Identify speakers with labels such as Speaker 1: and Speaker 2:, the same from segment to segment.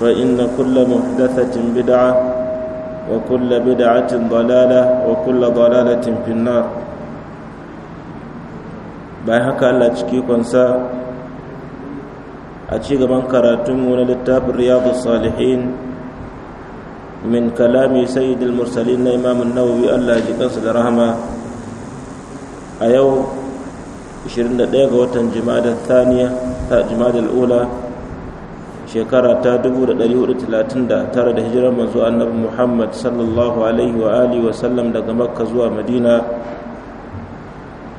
Speaker 1: فإن كل محدثة بدعة وكل بدعة ضلالة وكل ضلالة في النار bayan haka Allah ciki kwansa a cigaban karatunmu na littafin riyadu salihin min kalami sayyidul mursalin na imamun nawawi Allah ji kansa da rahama a yau 21 ga watan jima'a da thaniya ta jima'a da shekara ta 439 da hijirar manzo annabi Muhammad sallallahu alaihi wa alihi wa sallam daga Makka zuwa Madina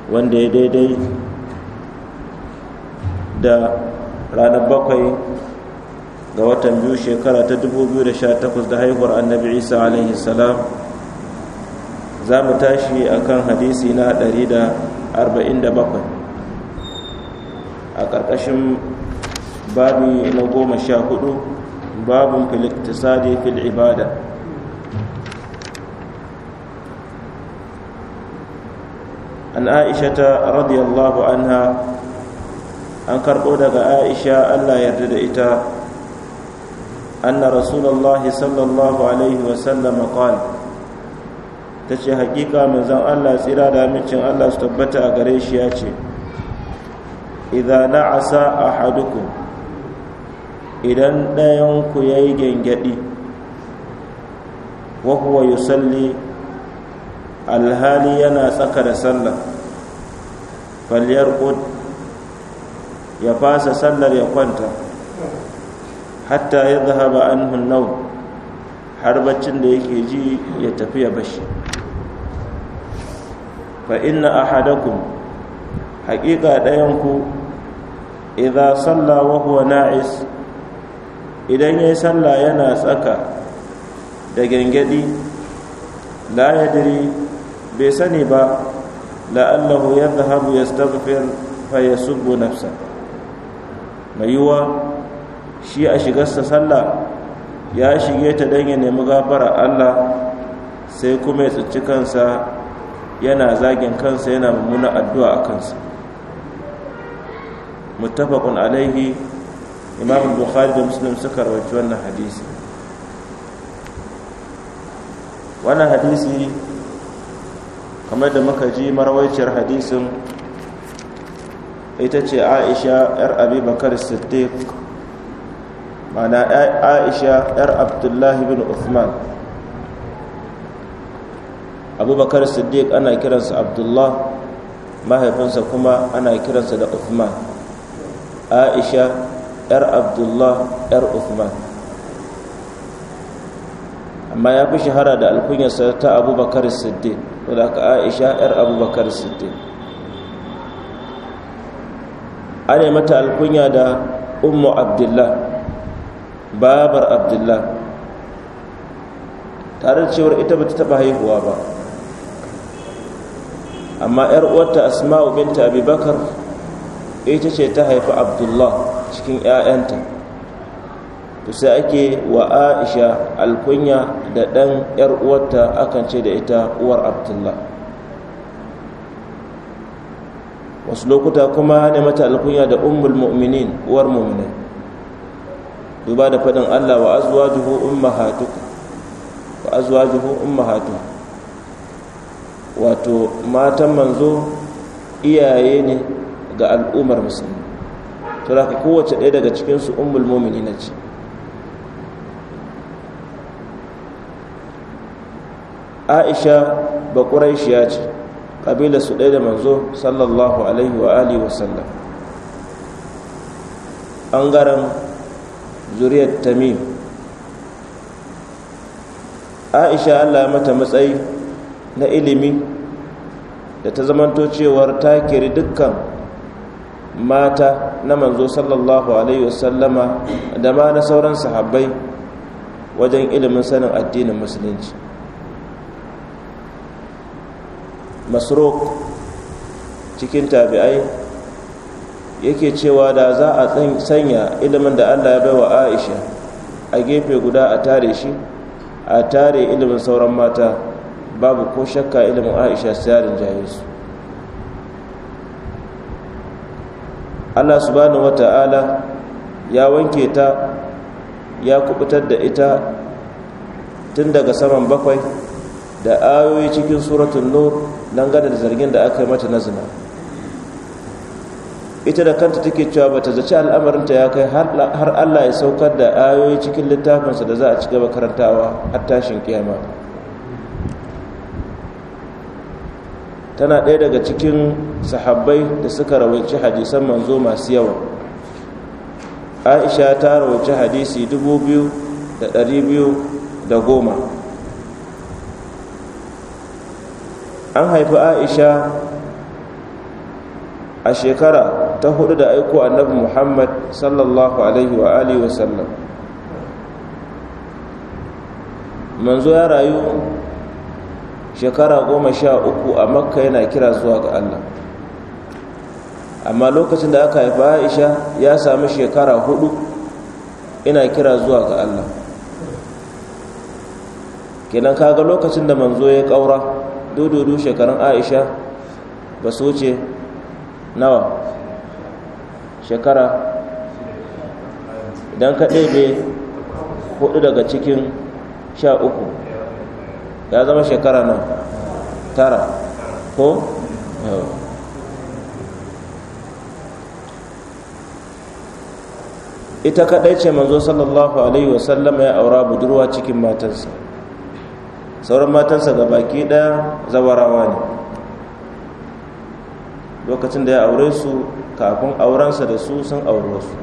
Speaker 1: wanda ya daidai da ranar bakwai ga watan biyu shekara ta 2018 da haihuwar annabi Isa alaihi salam za mu tashi a kan hadisi na 147 a ƙarƙashin babi na goma sha hudu babin filiktisadi fil ibada an ta, radiyallahu anha an karɓo daga aisha allah yarda da ita أن رسول الله صلى الله عليه وسلم قال تشي حقيقة من زن الله سيرا دامتشن الله استبتا أغريش ياتي إذا نعس أحدكم idan ɗayanku ya yi gyangyaɗi wahuwa salli, alhali yana tsaka da sallar sallah falyar ya fasa sallar ya kwanta hatta ya zahaba an hunnau har baccin da yake ji ya tafi ya bashi fa inna ahadakum haƙiƙa ɗayanku idan sallah wahuwa na'is idan ya yi sallah yana tsaka da gengedi la diri bai sani ba la'allahu yadhhabu ya fa yasubbu nafsa mai yiwa shi a shigarsa sallah ya shige ta don ya nemi gafara Allah sai kuma ya tsinci kansa yana zagin kansa yana mummuna addu'a a kansa mutafakun alaihi imam bukhari da muslim suka rawaci wannan hadisi wannan hadisi kamar da muka ji marwaiciyar hadisin ita ce aisha yar Abubakar siddiq mana aisha yar abdullahi bin uthman abubakar siddiq ana kiransa abdullah mahaifinsa kuma ana kiransa da uthman aisha 'yar abdullah 'yar uthman amma ya fi shahara da alkunyarsa ta abubakar siddiq wadda ka aisha 'yar abubakar A ana mata alkunya da ummu abdullah babar abdullah tare da cewar ita ba ta taba haihuwa ba amma 'yar uwarta asma'u binta abubakar ita ce ta haifi abdullah cikin 'ya'yanta to sai ake wa aisha alkunya da ɗan 'yar uwarta akan ce da ita uwar abdullah wasu lokuta kuma ne mata alkunya da umul mu'minin uwar duba da faɗin allah wa juhu ummahatuka wa ummahatuka wato matan manzo iyaye ne ga al'ummar musulmi to da kowace ɗaya daga cikinsu momini na ce aisha ba ya ce ƙabila su ɗaya da manzo sallallahu alaihi wa alihi wa sallam ɓangaren zuriyar tamim aisha allah mata matsayi na ilimi da ta zamanto cewar ta kiri dukkan mata na manzo sallallahu alaihi wasallama da ma na sauran sahabbai wajen ilimin sanin addinin musulunci masrok cikin tabi'ai yake cewa da za a sanya ilimin da allah ya bai wa aisha a gefe guda a tare shi a tare ilimin sauran mata babu ko shakka ilimin aisha sayarin jayesu Allah subhanahu wata'ala ya wanke ta ya kubutar da ita tun daga saman bakwai da ayoyi cikin suratun nur dangane da zargin da aka yi mata na zina ita da kanta take cewa bata zaci al'amarinta ya kai har Allah ya saukar da ayoyi cikin littafinsa da za a ci gaba karantawa har tashin kiyama tana ɗaya daga cikin sahabbai da suka rawaici hadisan manzo masu yawa aisha ta rawaici hadisi dubu biyu da ɗari biyu da goma an haifi aisha a shekara ta hudu da aiko annabi muhammad sallallahu alaihi wa alihi wasallam manzo ya rayu shekara goma sha uku a makka yana kira zuwa ga allah amma lokacin da aka haifa aisha ya sami shekara hudu ina kira zuwa ga allah kenan kaga lokacin da manzo ya kaura dododo shekarun aisha ba su ce nawa shekara idan ka ɗebe hudu daga cikin sha uku ya zama shekara nan tara ko ita kaɗai ce manzo sallallahu alaihi wasallam ya aura budurwa cikin matansa sauran matansa ga baki ɗaya zawarawa ne lokacin da ya aure su kafin aurensa da su sun aure su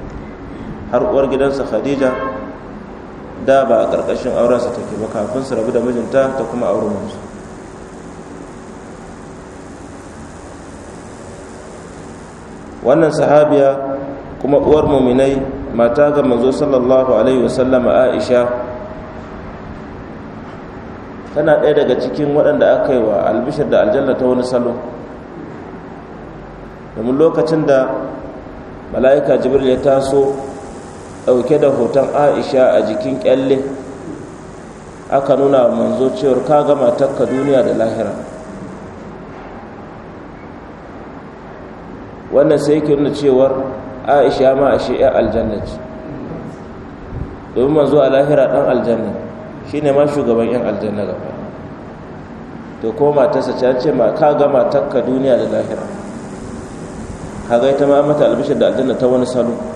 Speaker 1: har uwar gidansa khadija da ba a ƙarƙashin aurensa take ba kafin su rabu da mijinta ta kuma auren musu wannan sahabiya kuma uwar muminai mata ga manzo sallallahu alaihi wasallama aisha tana ɗaya daga cikin waɗanda aka yi wa albishir da aljanna ta wani salo domin lokacin da mala'ika jibril ya taso ɗauke da hoton aisha a jikin kyalle aka nuna manzo cewar ka gama takka duniya da lahira wannan sai yake nuna cewar aisha ma a shi 'yan aljanna ce domin manzo a lahira ɗan aljanna shi ne ma shugaban 'yan aljanna gaba to ko matarsa ta ce ma ka gama takka duniya da lahira ka gaita ma mata albishir da aljanna ta wani salo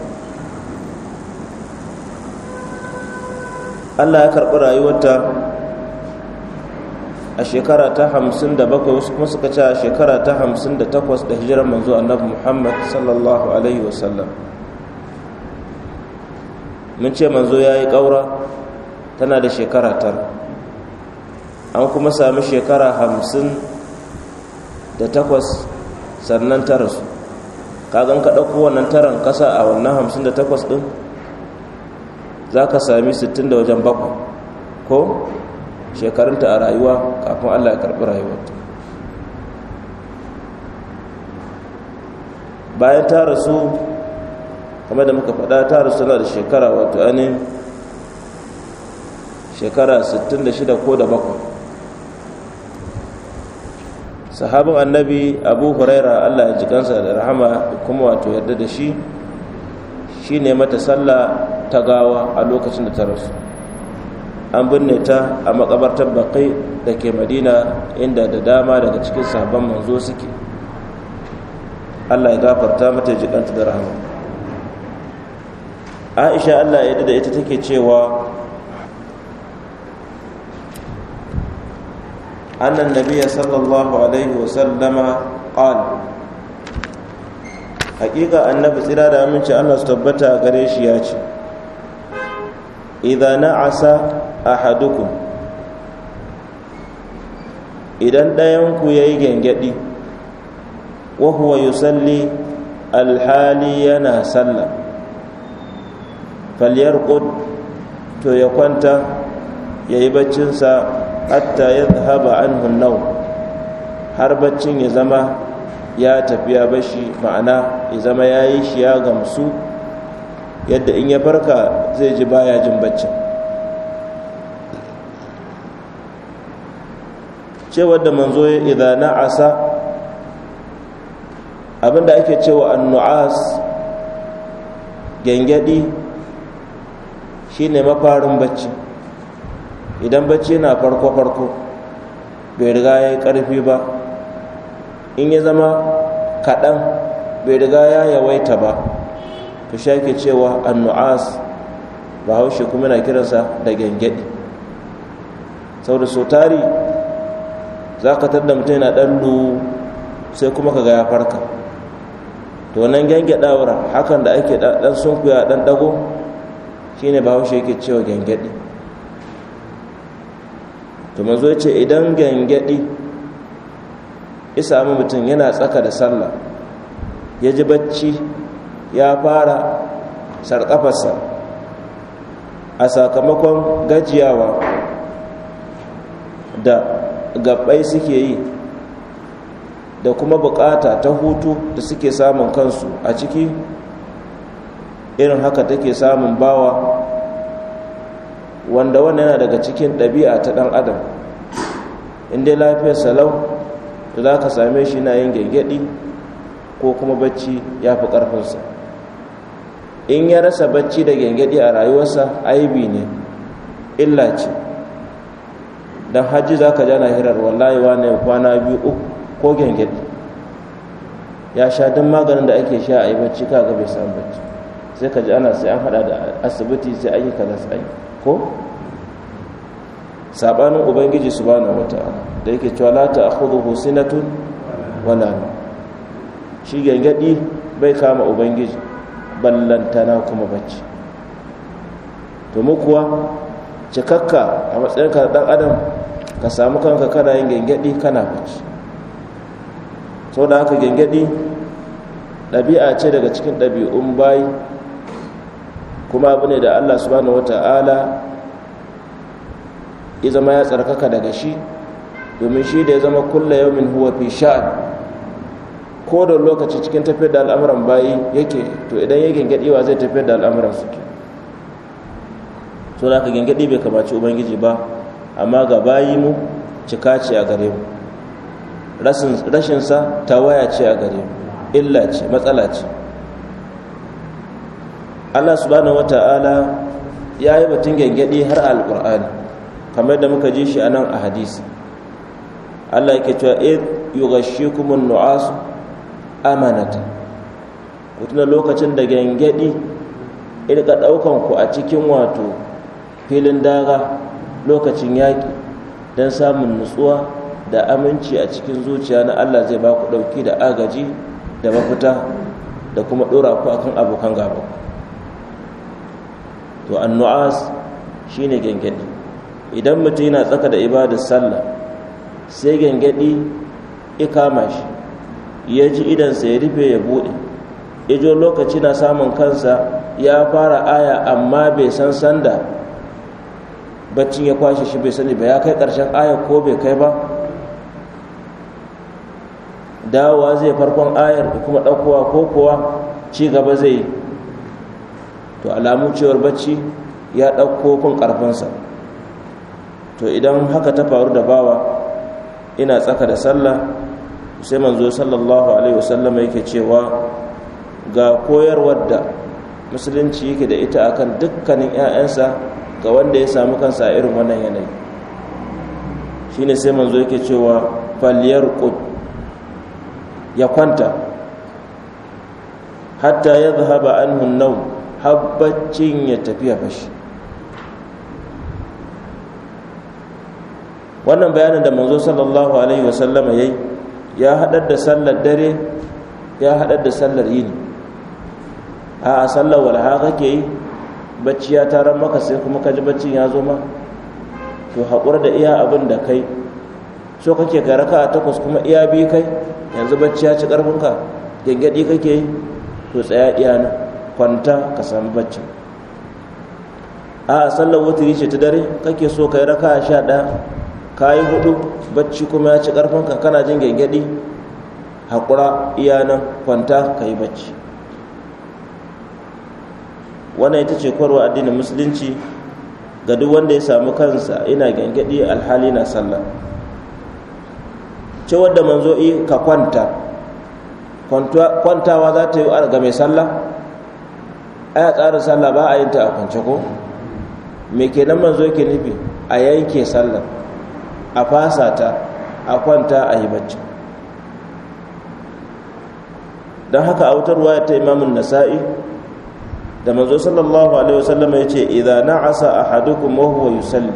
Speaker 1: allah ya karɓi rayuwarta a shekara ta hamsin da bakwai wasu kuma suka ce a shekara ta hamsin da takwas da hijirar manzo annabi muhammad sallallahu alaihi wasallam mun ce manzo ya yi ƙaura tana da shekara tara an kuma sami shekara hamsin da takwas sannan tara su kagan ka ɗauko wannan taran ƙasa a wannan hamsin da takwas ɗin za ka sami sittin da wajen bakwai ko shekarunta a rayuwa kafin allah ya karɓi rayuwarta bayan ta rasu kama da muka faɗa ta rasu na da shekara wato ainihin shekara 66 ko da bakwai sahabin annabi abu huraira allah ya ji kansa da rahama kuma wato yarda da shi shi ne mata sallah ta gawa a lokacin da ta rasu an binne ta a makabartar bakai da ke madina inda da dama daga cikin sabon manzo suke allah ya gafarta mata ya kanta da rahama aisha allah ya da ita take cewa أن النبي صلى الله عليه وسلم قال حقيقة da صلى الله عليه وسلم gare shi قريش ياتي na asa a haduku idan ɗayanku ya yayi gyangyaɗi wahuwa yusalli alhali yana sallah ƙud to ya kwanta ya yi baccinsa hatta ya anhu an hunnau har baccin ya zama ya tafiya bashi ma'ana ya zama ya yi shi ya gamsu yadda in ya farka zai ji baya jin baccin cewar da manzo ya idan na'asa abinda ake cewa annu'as gyangyadi shine mafarin bacci idan bacci na farko-farko bai riga ya yi ƙarfi ba in ya zama kaɗan bai riga ya yawaita ba ka sha ke cewa annu'as bahaushe kuma na kiransa da gyangyaɗi saboda so tari za ka tadda mutum yana ɗallu sai kuma ka ga ya farka to wannan wura hakan da ake ɗan sunkuya ɗan ɗago shine bahaushe yake cewa gyangyaɗi to mazo ce idan gyangyaɗi isa sami mutum yana tsaka da sallah ya ji bacci ya fara sarƙafarsa a sakamakon gajiyawa da gabbai suke yi da kuma bukata ta hutu da suke samun kansu a ciki irin haka take samun bawa wanda wannan yana daga cikin ɗabi'a ta ɗan adam inda lafiyar salau da za ka same shi na yin gyangyaɗi ko kuma bacci ya fi ƙarfinsa in ya rasa bacci da gyangyaɗi a rayuwarsa aibi ne illa ce don hajji za ka ja na hirar wallahi wane kwana biyu uku ko gyangyaɗi ya sha duk maganin da ake sha a yi bacci kaga bai samu bacci sai ka ji ana sai an hada da asibiti sai ake kaza sai ko sabanin ubangiji su subhanahu wata da yake cewa la ta'khudhuhu sinatun wala shi gyangyaɗi bai kama ubangiji ballantana kuma bacci to mu kuwa cikakka a matsayinka da ɗan adam ka samu kanka kana yin gyangyaɗi kana bacci sau da haka gyangyaɗi ɗabi'a ce daga cikin ɗabi'un bayi kuma abu ne da allah subhanahu wata'ala ya zama ya tsarkaka daga shi domin shi da ya zama kulla yaumin huwa fi sha'an ko da lokaci cikin tafiyar da al'amuran bayi yake to idan ya wa zai tafiyar da al'amuran su ke to da ka bai kamaci ubangiji ba amma ga bayi mu cika ce a gare mu rashinsa tawaya ce a gare mu illa ce matsala ce allah subhanahu wata'ala ya yi batun gangaɗe har alƙur'ani kamar da muka ji shi a nan a hadisi allah yake cewa id kuma nu'asu amanata ku tuna lokacin da gyangyaɗi irka ɗaukan ku a cikin wato filin daga lokacin yaƙi don samun nutsuwa da aminci a cikin zuciya na allah zai ba ku ɗauki da agaji da mafita da kuma ɗora ku akan abokan gaba to annu'as shine gyangyaɗi idan mutum yana tsaka da ibadar sallah sai gyangyaɗi ya kama shi ya ji idansa ya rufe ya buɗe ya jo lokaci na samun kansa ya fara aya amma bai san sanda baccin ya kwashe shi bai sani ba ya kai ƙarshen aya ko bai kai ba dawowa zai farkon ayar da kuma ɗaukowa ko kuwa ci gaba zai yi to alamun cewar bacci ya ɗauko kun ƙarfinsa to idan haka ta faru da bawa ina tsaka da sallah sai manzo sallallahu alaihi wasallam yake cewa ga koyarwar da musulunci yake da ita akan dukkanin 'ya'yansa ga wanda ya samu kansa irin wannan yanayi shine sai manzo yake cewa faliyar ya kwanta hatta ya zahaba an nau habbacin ya tafiya fashi wannan bayanin da manzo sallallahu alaihi wasallama ya yi ya haɗar da sallar dare ya haɗar da sallar yini a sallar walha kake yi bacci ya tara maka sai kuma kaji baccin ya zo ma to haƙura da iya abin da kai so kake ga raka a takwas kuma iya bi kai yanzu bacci ya ci ƙarfinka gyangyaɗi kake yi to tsaya iya nan kwanta ka sami bacci a sallar wutiri ce ta dare kake so ka yi raka a sha ɗaya ka yi hudu bacci kuma ya ci karfinka kana jin gyangyadi haƙura iyanan kwanta ka yi bacci wannan ita ce kwarwa addinin musulunci ga duk wanda ya samu kansa ina gyangyadi alhali na sallah ce wadda manzo eh, ka kwanta kwantawa za ta yi ga mai sallah aya tsarin sallah ba a yin ta a kwance ko me kenan manzo yake nufi a yanke sallah a fasa ta a kwanta a yi bacci don haka autarwa ta imamun nasa'i da manzo sallallahu alaihi wasallam ya ce idan na'asa ahadukum wa huwa yusalli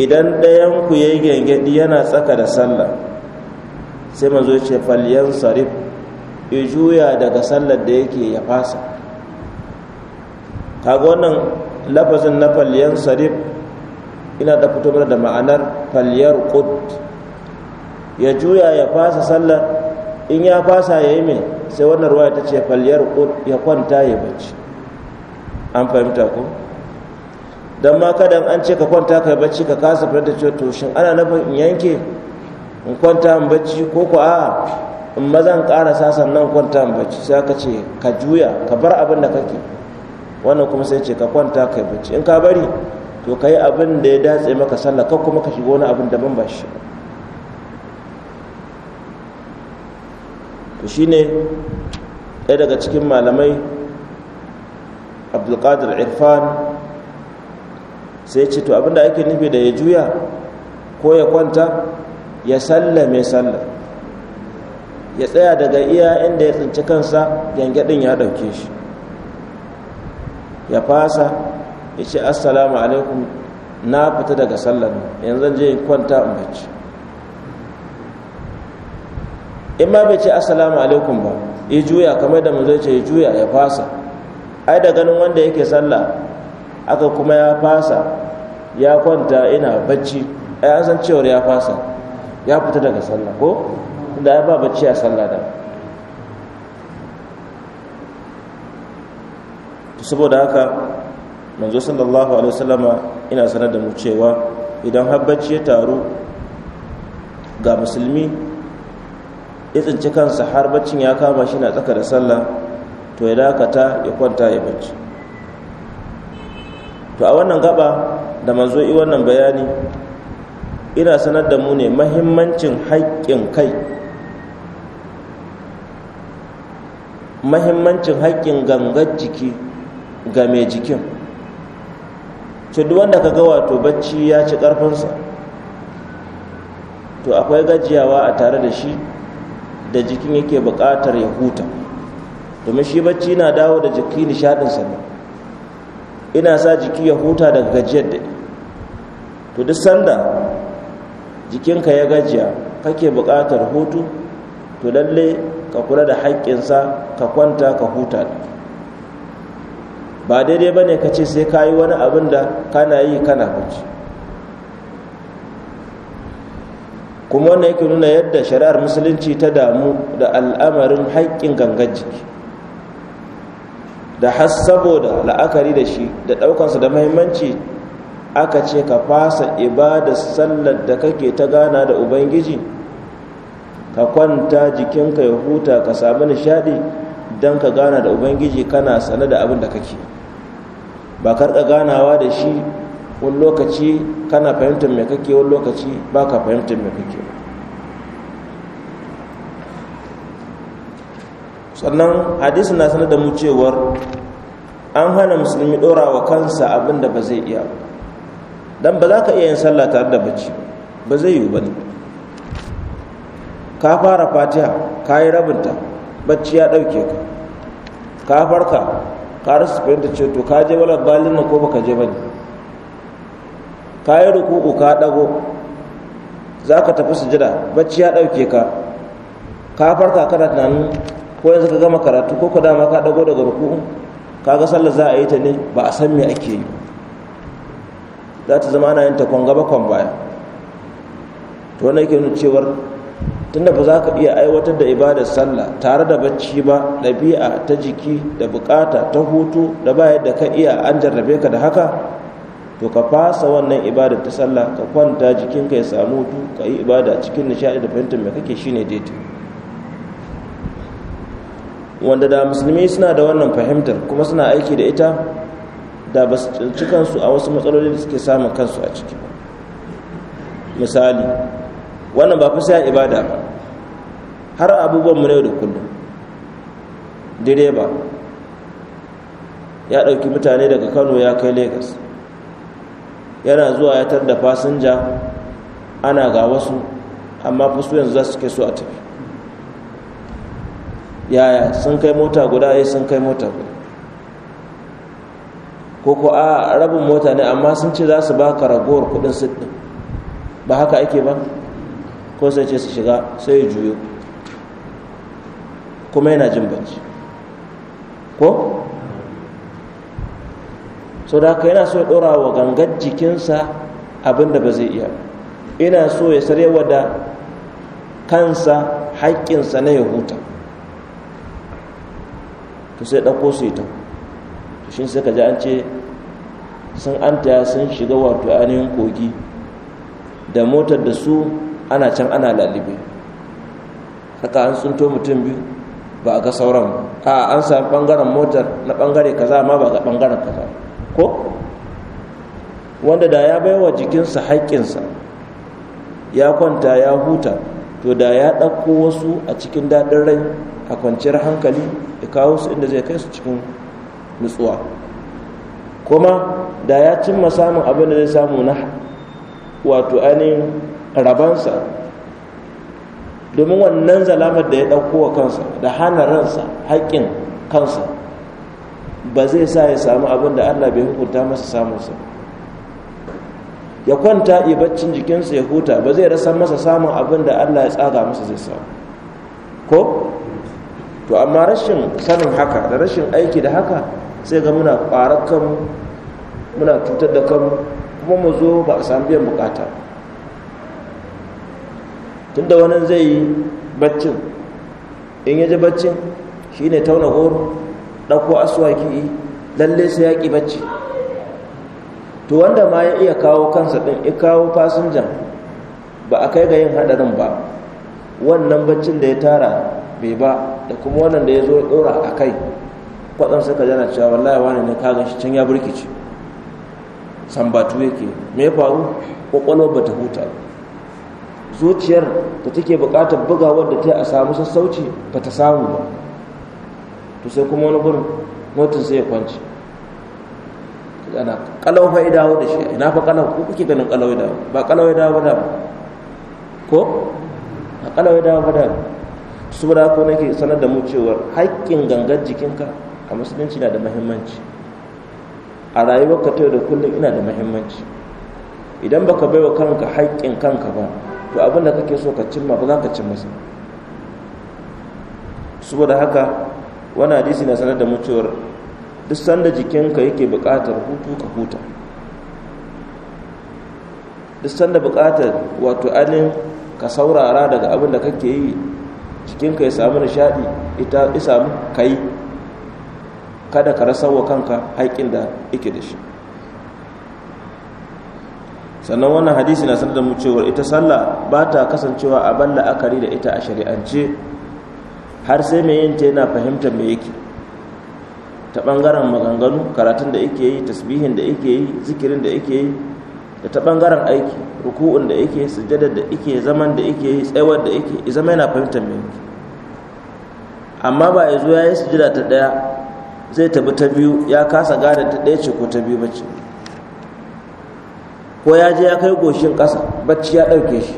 Speaker 1: idan ɗayan ku yayi gengedi yana tsaka da sallah sai manzo ya ce falyan sarif ya juya daga sallar da yake ya fasa kaga wannan lafazin na falyan sarif ina da fito mana da ma'anar falyar kud ya juya ya fasa sallar in ya fasa ya yi mai sai wannan ruwa ta ce falyar kud ya kwanta ya bacci an fahimta ko Don ma kada an ce ka kwanta ka bacci ka kasa fara da cewa to shin ana nufin in yanke in kwanta in bacci ko ko a in mazan karasa sannan kwanta in bacci sai ka ce ka juya ka bar abin da kake wannan kuma sai ce ka kwanta ka bacci in ka bari to ka yi abin da ya datse maka sallah ka kuma ka shiga wani abin daban ba shi to shi ne, ɗaya daga cikin malamai abdulkadir irfan sai ce to abin da ake nufi da ya juya ko ya kwanta ya sallame sallah ya tsaya daga iya inda ya tsinci kansa gyangyaɗin ya ɗauke shi ya fasa ya ce assalamu alaikum na fita daga sallar yanzu je in kwanta in bacci in ma bai ce assalamu alaikum ba ya juya kamar da mu zai ce ya juya ya fasa ai da ganin wanda yake sallah aka kuma ya fasa ya kwanta ina bacci ai an san cewar ya fasa ya fita daga sallah ko da ya ba bacci a sallah da saboda haka manzo sallallahu alaihi wasallama ina sanar da mu cewa idan habbaci ya taru ga musulmi ya tsinci kansa har baccin ya kama shi na tsaka da sallah to ya dakata ya kwanta ya bacci to a wannan gaba da manzo i wannan bayani ina sanar da mu ne mahimmancin haƙƙin kai mahimmancin haƙƙin gangar jiki ga mai jikin to duk wanda kaga wato bacci ya ci karfinsa to akwai gajiyawa a tare da shi da jikin yake buƙatar ya huta domin shi bacci na dawo da jiki nishaɗinsa ne ina sa jiki ya huta daga gajiyar da to duk sanda jikinka ya gajiya kake buƙatar hutu to lalle ka kula da haƙƙinsa ka kwanta ka huta ba daidai ba ne ka ce sai ka yi wani abin da kana yi kana bacci kuma wannan yake nuna yadda shari'ar musulunci ta damu da al'amarin haƙƙin gangan jiki da has saboda la'akari da shi da ɗaukansa da mahimmanci aka ce ka fasa ibada sallar da kake ta gana da ubangiji ka kwanta jikinka ya huta ka sami nishaɗi don ka gana da ubangiji kana sane da abin da kake ba karka ganawa da shi wani lokaci kana fahimtar mai kake wani lokaci ba ka fahimtar mai kake sannan hadisi na sanar da mu cewar an hana musulmi ɗora wa kansa abin da ba zai iya don ba za ka iya yin sallah tare da bacci ba zai yiwu ba ne ka fara fatiha ka yi rabinta bacci ya ɗauke ka ka farka ka rasa fahimta ce to ka je wala balin na ko baka je ba ne ka yi rukuku ka ɗago za ka tafi su jira bacci ya ɗauke ka ka farka kana tunanin ko yanzu ka gama karatu ko ka dama ka ɗago daga rukuku ka ga sallar za a yi ta ne ba a san me ake yi za ta zama ana yin ta kwan gaba kwan baya to wannan yake nuna cewar tunda ba za ka iya aiwatar da ibadar sallah tare da bacci ba ɗabi'a ta jiki da bukata ta hutu da ba yadda ka iya an jarrabe ka da haka to ka fasa wannan ibadar ta sallah ka kwanta jikinka ya samu hutu ka yi ibada cikin nishaɗi da fahimtar mai kake shine daidai wanda da musulmi suna da wannan fahimtar kuma suna aiki da ita da ba su kansu a wasu matsaloli da suke samun kansu a ciki misali wannan ba fusa ibada ba har abubuwan mu ne da kullum direba ya ɗauki mutane daga kano ya kai lagos yana zuwa ya tar da fasinja ana ga wasu amma fusu yanzu za su ke so a tafi yaya sun kai mota guda ya eh, sun kai mota guda ko ko a rabin mota ne amma sun ce za su baka ragowar kudin siddin ba haka ake ba ko sai ce su shiga sai ya juyo kuma yana jin bacci ko so da haka yana so ya ɗora wa gangar jikinsa abinda ba zai iya ina so ya sarewa da kansa haƙƙinsa na ya huta to sai ɗauko su ta, to shi sai ka ji an ce sun anta sun shiga wato ainihin kogi da motar da su ana can ana lalibe haka an tsunto mutum biyu ba a ga sauran a an sami bangaren motar na bangare kaza ma ba ga bangaren kaza ko wanda da ya baiwa jikinsa haƙƙinsa ya kwanta ya huta to da ya ɗauko wasu a cikin daɗin rai a kwanciyar hankali ya kawo su inda zai kai su cikin nutsuwa kuma da ya cimma samun abin da zai samu na wato ainihin rabansa domin wannan zalamar da ya ɗauko wa kansa da hana ransa haƙƙin kansa ba zai sa ya samu abin da allah bai hukunta masa samunsa ya kwanta ibaccin jikinsa ya huta ba zai rasa masa samun abin da allah ya tsaga masa zai samu ko to amma rashin sanin haka da rashin aiki da haka sai ga muna ƙwararkan muna cutar da kanmu kuma mu zo ba a samu biyan bukata tun da wani zai yi baccin in ya ji baccin ne tauna goro ɗauko aswaki lalle sai ya ƙi bacci to wanda ma ya iya kawo kansa ɗin ya kawo fasinjan ba a kai ga yin haɗarin ba wannan baccin da ya tara bai ba da kuma wannan da ya zo ya ɗora a kai kwatsan suka jana cewa wallahi wani ne ka shi can ya burkice sambatu yake me ya faru kwakwalwar ba ta huta zuciyar da take buƙatar buga wadda ta a samu sassauci ba ta samu ba to sai kuma wani gurin motin sai ya kwanci ana kalau fa idawo da shi ina fa kalau ko kike ganin kalau idawo ba kalau idawo ba da ko a kalau idawo ba da saboda ko nake sanar da mu cewa haƙƙin gangar jikinka a musulunci na da muhimmanci a rayuwarka ta yau da kullum ina da muhimmanci idan baka baiwa kanka haƙƙin kanka ba to abin da kake so ka cimma ba za ka cimma su saboda haka wani hadisi na sanar da mutuwar duk sanda jikinka yake buƙatar hutu ka huta duk sanda buƙatar wato alin ka saurara daga abin da kake yi jikinka ya samu nishadi ita isa mu kai kada ka rasa wa kanka haƙin da yake da shi sannan wannan hadisi na sanar da mu cewa ita sallah ba ta kasancewa a balla akari da ita a shari'ance har sai mai yin ta yana fahimtar me yake ta bangaren maganganu karatun da yake yi tasbihin da yake yi zikirin da yake yi da ta bangaren aiki ruku'un da yake sujjadar da yake zaman da yake yi tsayawar da yake zama yana fahimtar me yake amma ba ya zo ya yi sujjada ta ɗaya, zai tabi ta biyu ya kasa gane ta ɗaya ce ko ta biyu ba ce ko ya je ya kai goshin ƙasa bacci ya ɗauke shi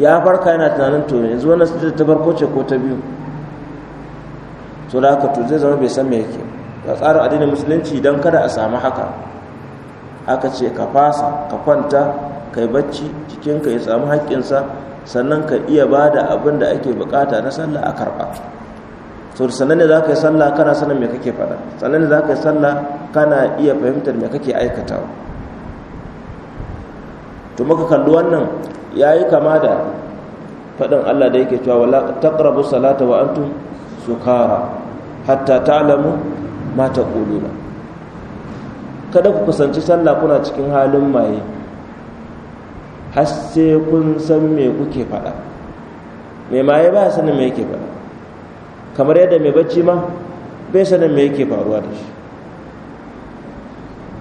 Speaker 1: ya farka yana tunanin to yanzu wannan sujjada ta farko ce ko ta biyu to da haka to zai zama bai san me yake ga tsarin addinin musulunci don kada a samu haka aka ce ka fasa ka kwanta kai bacci cikinka ya samu haƙƙinsa sannan ka iya ba da abin da ake bukata na sallah a karɓa to sannan ne za ka yi sallah kana sanin me kake faɗa sannan ne za ka yi sallah kana iya fahimtar me kake aikatawa to muka kalli wannan yayi kama da faɗin Allah da yake cewa wala taqrabu salata wa antum sukara hatta ta'lamu ma taquluna kada ku kusanci sallah kuna cikin halin maye har sai kun san me kuke faɗa mai maye ba sanin me yake faɗa kamar yadda mai bacci ma bai sanin me yake faruwa da shi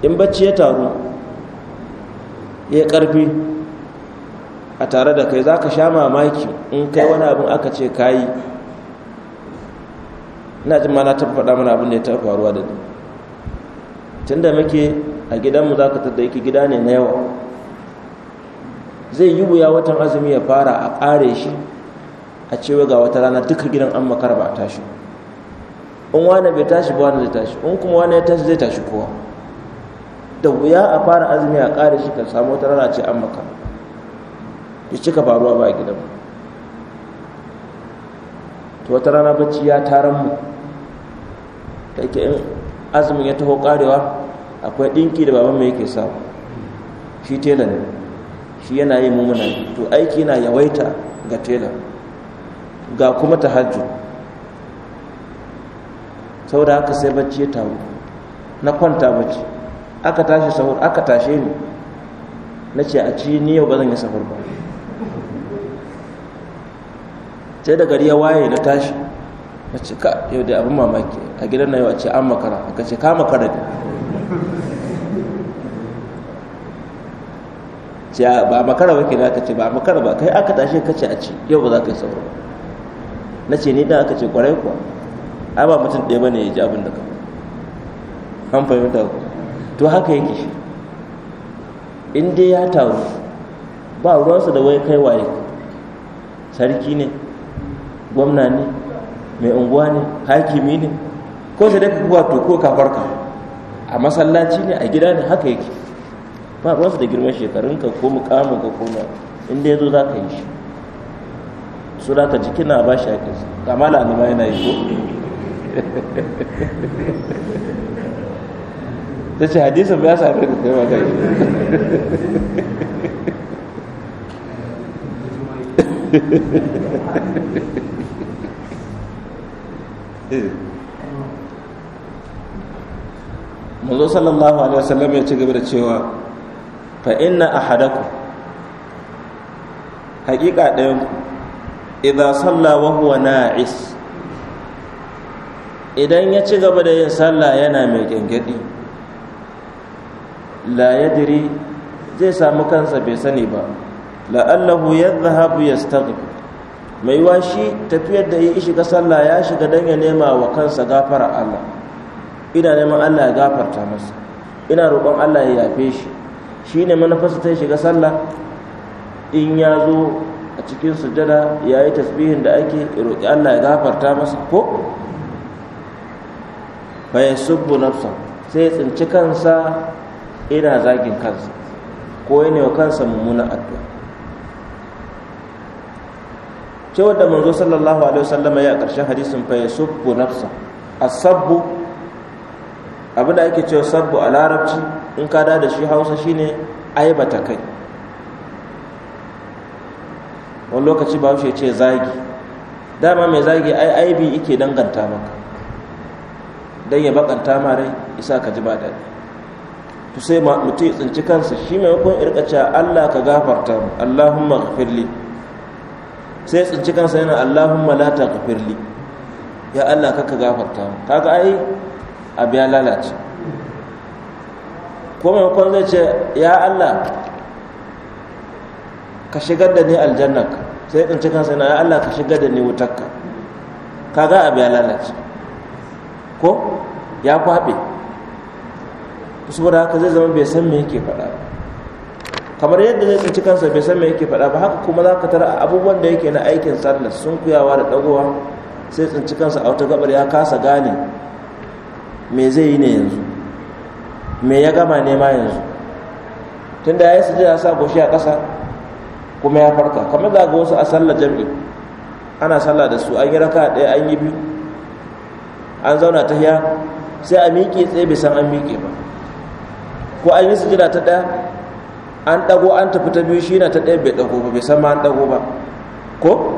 Speaker 1: in bacci ya taru ya karfi a tare da kai za ka sha mamaki in kai wani abin aka ce ka yi ina jin ma na faɗa mana abin da ya taɓa faruwa da ni tun da muke a gidanmu za ka tadda ki gida ne na yawa zai yi wuya watan azumi ya fara a ƙare shi a cewa ga wata rana duka gidan an makara ba a tashi in wani bai tashi ba wani zai tashi in kuma wani ya tashi zai tashi kowa da wuya a fara azumi a ƙare shi ka samu wata rana ce an maka ya cika faruwa ba a gidan to wata rana bacci ya taran mu da ke in azumin ya taho ƙarewa akwai ɗinki da baban mai yake samu shi tela ne shi yana yi mummuna to aiki yana yawaita ga tela ga kuma ta Sau saboda haka sai bacci ya taru na kwanta bacci aka tashi sahur aka tashe ni na ce a ci ni yau ba zan yi sahur ba sai da gari ya waye na tashi na ce ka yau da abin mamaki a gidan na yau a ce an makara aka ce ka makara ne ce ba makara ba na aka ce ba makara ba kai aka tashi ka ce a ci yau ba za ka yi sahur ba na ce ni dan aka ce kwarai kuwa ai ba mutum ɗaya bane ya ji abin da ka an fahimta ku to haka yake in dai ya taru ba ruwansa da wai kai waye sarki ne gwamna ne mai unguwa ne hakimi ne ko sai daga ka to ko kafarka a masallaci ne a gida ne haka yake ba ruwansa da girman shekarunka ko mukaminka ko na inda ya zo za ka yi shi su da ka jiki na ba shi haƙinsa kamala alima yana yi ko ta ce hadisin ba ya sami da kai mata mazo sallallahu alaihi wasallam ya ci gaba da cewa fa inna ahadakum haƙiƙa ɗayan idza salla wa huwa na'is idan ya ci gaba da yin sallah yana mai gengedi la zai samu kansa bai sani ba la'allahu ya yastaghfir mai washi shi tafiyar da ya shiga sallah ya shiga dan ya nema wa kansa gafara Allah ina neman Allah ya gafarta masa ina roƙon Allah ya yafe shi shi ne manufarsa ta shiga sallah in ya zo a cikin sujada ya yi tasbihin da ake roƙi Allah ya gafarta masa ko fa yasubbu nafsa sai ya tsinci kansa ina zagin kansa ko ne wa kansa mummuna addu'a ce da manzo sallallahu alaihi wasallam ya karshen hadisin fa yasubbu nafsa asabbu abin da ake cewa sabbu a larabci in ka da da shi hausa shine aibata kai wani lokaci ba ya ce zagi dama mai zagi ai aibi ike danganta maka don ya bakanta ma rai isa ka ji ba daɗi to sai mutum ya tsinci kansa shi maimakon irkaca Allah ka gafarta mu Allahumma ghafirli sai tsinci kansa yana Allahumma la taghfirli ya Allah ka ka gafarta mu kaga ai abu ya lalace ko maimakon zai ce ya Allah ka shigar da ni aljannaka sai tsinci kansa yana ya Allah ka shigar da ni wutarka kaga abu ya lalace ko ya kwabe saboda haka zai zama bai san me yake faɗa kamar yadda zai tsinci kansa bai san me yake faɗa ba haka kuma za ka tara abubuwan da yake na aikin sallah sun kuyawa da ɗagowa sai tsinci kansa a wata gabar ya kasa gane me zai yi ne yanzu me ya gama ne ma yanzu tunda ya yi sujada sa goshi a ƙasa kuma ya farka kamar za ga wasu a sallah jami'i ana sallah da su an yi raka ɗaya an yi biyu an zauna ta hiya sai a miƙe tsaye bai san an miƙe ba ko an yi sujada ta ɗaya an ɗago an tafi ta biyu shi na ta ɗaya bai ɗago ba bai san ma an ɗago ba ko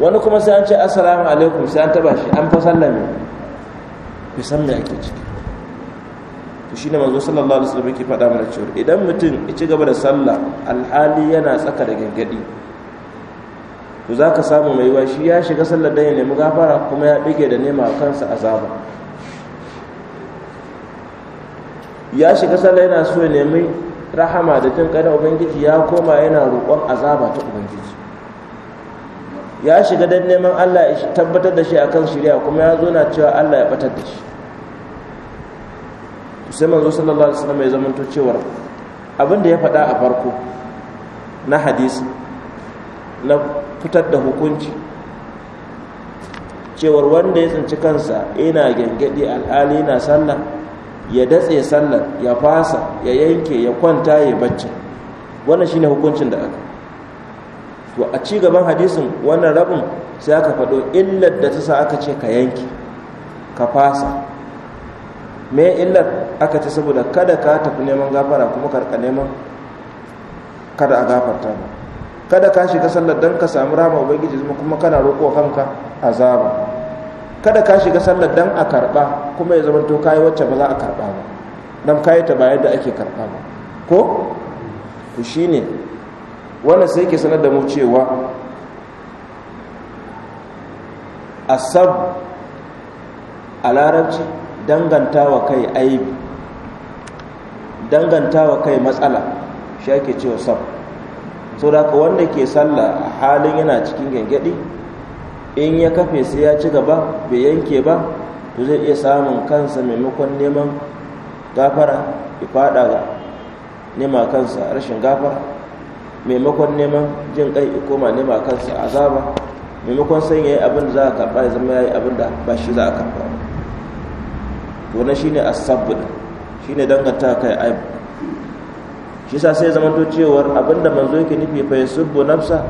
Speaker 1: wani kuma sai an ce assalamu alaikum sai an taba shi an fa sallame bai san me ake ciki to shine manzo sallallahu alaihi wasallam yake faɗa mana cewa idan mutum ya ci gaba da sallah alhali yana tsaka da gaggadi to zaka samu mai yiwa shi ya shiga sallar dan ya nemi gafara kuma ya bige da nema kansa azaba ya shiga sallah yana so ya nemi rahama da jin kada ubangiji ya koma yana roƙon azaba ta ubangiji ya shiga dan neman Allah ya tabbatar da shi akan shari'a kuma ya zo na cewa Allah ya batar da shi sai manzo sallallahu alaihi wasallam ya zamanto cewa abin da ya faɗa a farko na hadisi na fitar da hukunci cewar wanda ya tsinci kansa yana gyangyaɗi al'ali na sallah ya datse sallar ya fasa ya yanke ya kwanta ya bacci wannan shine hukuncin da aka to a ci gaban hadisin wannan rabin sai aka faɗo illar da ta sa aka ce ka yanke ka fasa me illar aka ce saboda kada ka tafi neman gafara kuma karka neman kada a gafarta kada ka shiga sallar don ka samu rama ubangiji kuma kana roƙo kanka azaba kada ka shiga sallar dan a karba kuma ya zama to kayi wacce ba za a karba ba dan kayi ta ba yadda ake karba ba ko to shine wannan sai ke sanar da mu cewa asab a larabci dangantawa kai aibi dangantawa kai matsala shi ake cewa sab saboda wanda ke sallah a halin yana cikin gangadi in ya kafe sai ya ci gaba bai yanke ba to zai iya samun kansa maimakon neman gafara ya fada ga nema kansa rashin gafara maimakon neman jin kai ya koma nema kansa azaba maimakon san yayi abin da za a karba ya zama yayi abin da ba shi za a karba to na shine as shine danganta kai aib shi sa sai zama to cewar abinda manzo yake nufi fa yasubbu nafsa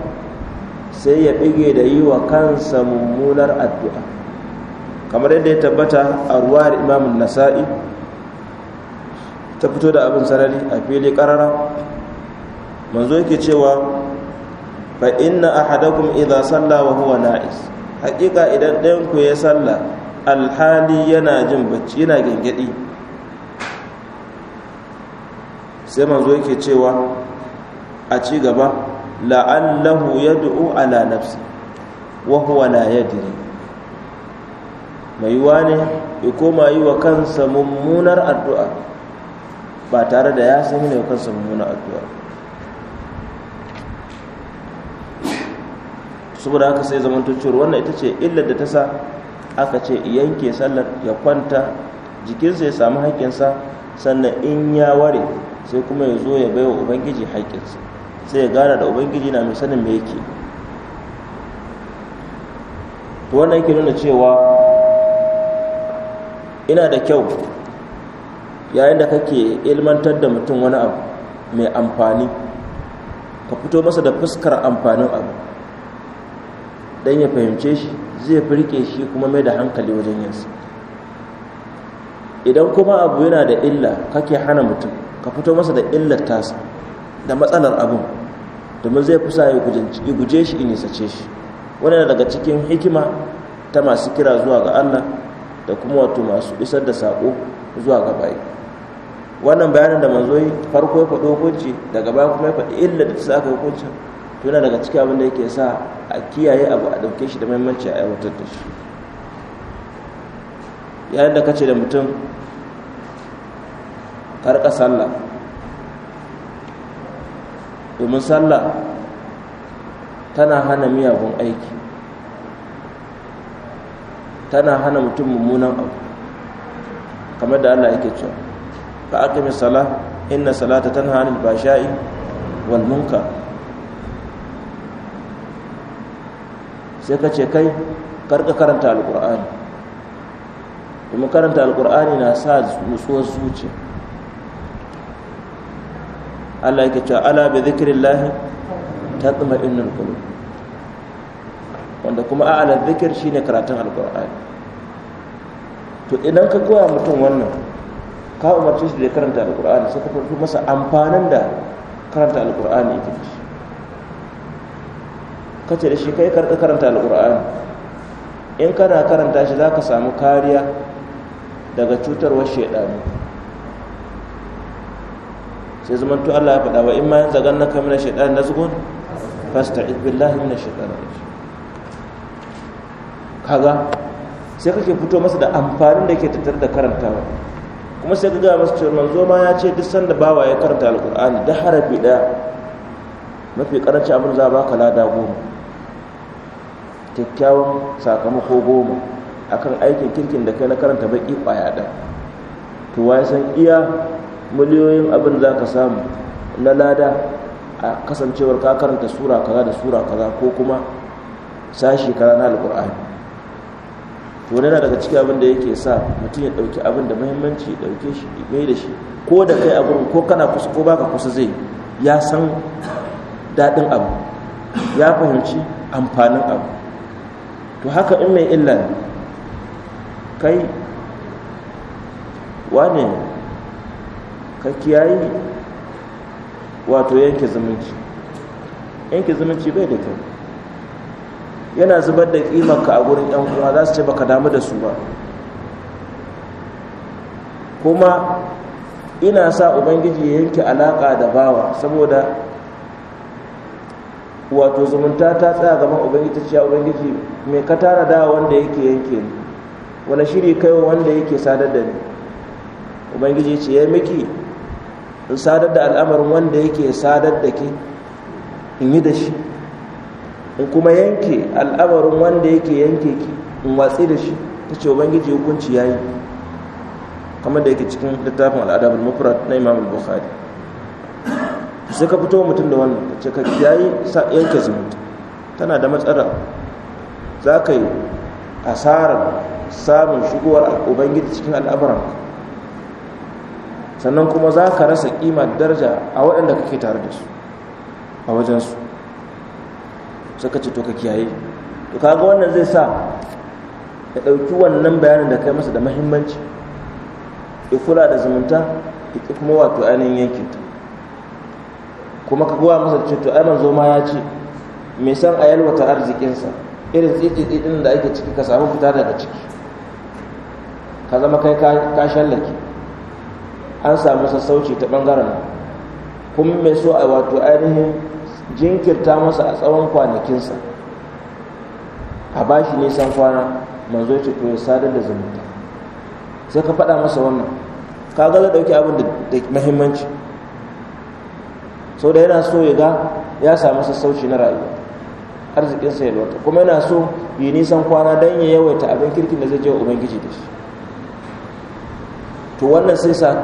Speaker 1: sai ya bige da yi wa kansa mummunar addu'a kamar yadda ya tabbata a ruwa da imamun nasa'i ta fito da abin sarari a fili ƙarara manzo yake cewa fa inna ahadakum idza salla wa huwa na'is haƙiƙa idan ɗayan ku ya salla alhali yana jin bacci yana gengedi sai manzo yake cewa a ci gaba la'allahu ya du'u ala nafsi wa huwa la yadri mai wane ya koma yi wa kansa mummunar addu'a ba tare da ya ne wa kansa mummunar addu'a saboda haka sai zaman cewar wannan ita ce illar da ta sa aka ce yanke sallar ya kwanta jikinsa ya samu haƙƙinsa sannan in ya ware sai kuma ya zo ya baiwa ubangiji haƙƙinsa sai ya gana da ubangiji na mai sanin me yake to wannan yake nuna cewa ina da kyau yayin da kake ilmantar da mutum wani abu mai amfani ka fito masa da fuskar amfanin abu don ya fahimce shi zai firke shi kuma mai da hankali wajen yansu idan kuma abu yana da illa kake hana mutum ka fito masa da illar tasa da matsalar abin domin zai kusa ya guje shi in nisace shi wani daga cikin hikima ta masu kira zuwa ga Allah da kuma wato masu isar da saƙo zuwa ga bayi wannan bayanin da manzo farko ya faɗo hukunci daga baya kuma ya faɗi illa da ta aka hukuncin to yana daga cikin abin da yake sa a kiyaye abu a ɗauke shi da mahimmanci a aiwatar da shi yayin da kace da mutum karka sallah domin sallah tana hana miyagun aiki tana hana mutum mummunan abu kamar da Allah yake cewa fa aqimi salah inna salata tana hana bashai wal munkar sai ka ce kai karka karanta alkur'ani domin karanta alkur'ani na sa nutsuwar zuciya Allah yake cewa ala bi zikrillah tatma'innul qulub wanda kuma a'la zikir shine karatun alqur'ani to idan ka koya mutum wannan ka umarci shi da karanta alqur'ani sai ka farko masa amfanin da karanta alqur'ani yake da shi kace da shi kai ka karanta alqur'ani in kana karanta shi zaka samu kariya daga cutarwar shaidanu sai zaman tu Allah ya faɗa wa in ma yanzu gan naka mina shaitan zugun fasta, billahi mina shaitan kaga sai kake fito masa da amfanin da ke tattare da karantawa kuma sai ka gaya masa cewa manzo ma ya ce duk sanda bawa ya karanta alkur'ani da harafi ɗaya mafi karanci abin za ba ka lada goma kyakkyawan sakamako goma akan aikin kirkin da kai na karanta baki kwaya ɗaya to wa san iya miliyoyin abin za ka samu na lada a kasancewar ka karanta sura kaza da sura kaza ko kuma sashi kaza na alkur'ani to yana daga cikin abin da yake sa mutum ya ɗauki abin da muhimmanci ya ɗauke shi mai da shi ko da kai a gurin ko kana kusa ko baka kusa zai ya san daɗin abu ya fahimci amfanin abu to haka in mai illa kai wane ka kiyayi wato yanke zumunci yanke zumunci bai da kyau yana zubar da kimanka a gurin yan uwa za su ce baka damu da su ba kuma ina sa ubangiji ya yanke alaka da bawa saboda wato zumunta ta tsaya gaban ubangiji ta ce ubangiji mai ka tara da wanda yake yanke ni wani shiri kai wanda yake sadar da ni ubangiji ce ya miki in sadar da al'amarin wanda yake sadar da ke in yi da shi in kuma yanke al'amarin wanda yake yanke ki in watsi da shi ta ce ubangiji hukunci ya yi kamar da yake cikin littafin al'adabin mufrad na imam al-bukhari sai ka fito mutum da wannan ce ka yi yanke zumunta tana da matsala za ka yi asarar samun shigowar ubangiji cikin al'amarin? sannan kuma za ka rasa kima daraja a waɗanda kake tare da su a wajensu suka ce to ka kiyaye to kaga wannan zai sa ya ɗauki wannan bayanin da kai masa da mahimmanci ya kula da zumunta ya ƙi kuma wato ainihin yanke ta kuma ka gowa masa ce to ai Zoma ya ce mai san a yalwata arzikinsa irin tsitsi da ake ciki ka samu fita daga ciki ka zama kai ka shallake an samu sassauci ta ɓangaren kuma mai so a wato ainihin jinkirta masa a tsawon kwanakinsa a bashi nisan kwana manzo ce to ya sadar da zumunta sai ka faɗa masa wannan ka ga zai ɗauki abin da mahimmanci sau da yana so ya ga ya samu sassauci na rayuwa arzikinsa ya lota kuma yana so yi nisan kwana don ya yawaita abin kirkin da zai je wa ubangiji da shi to wannan sai sa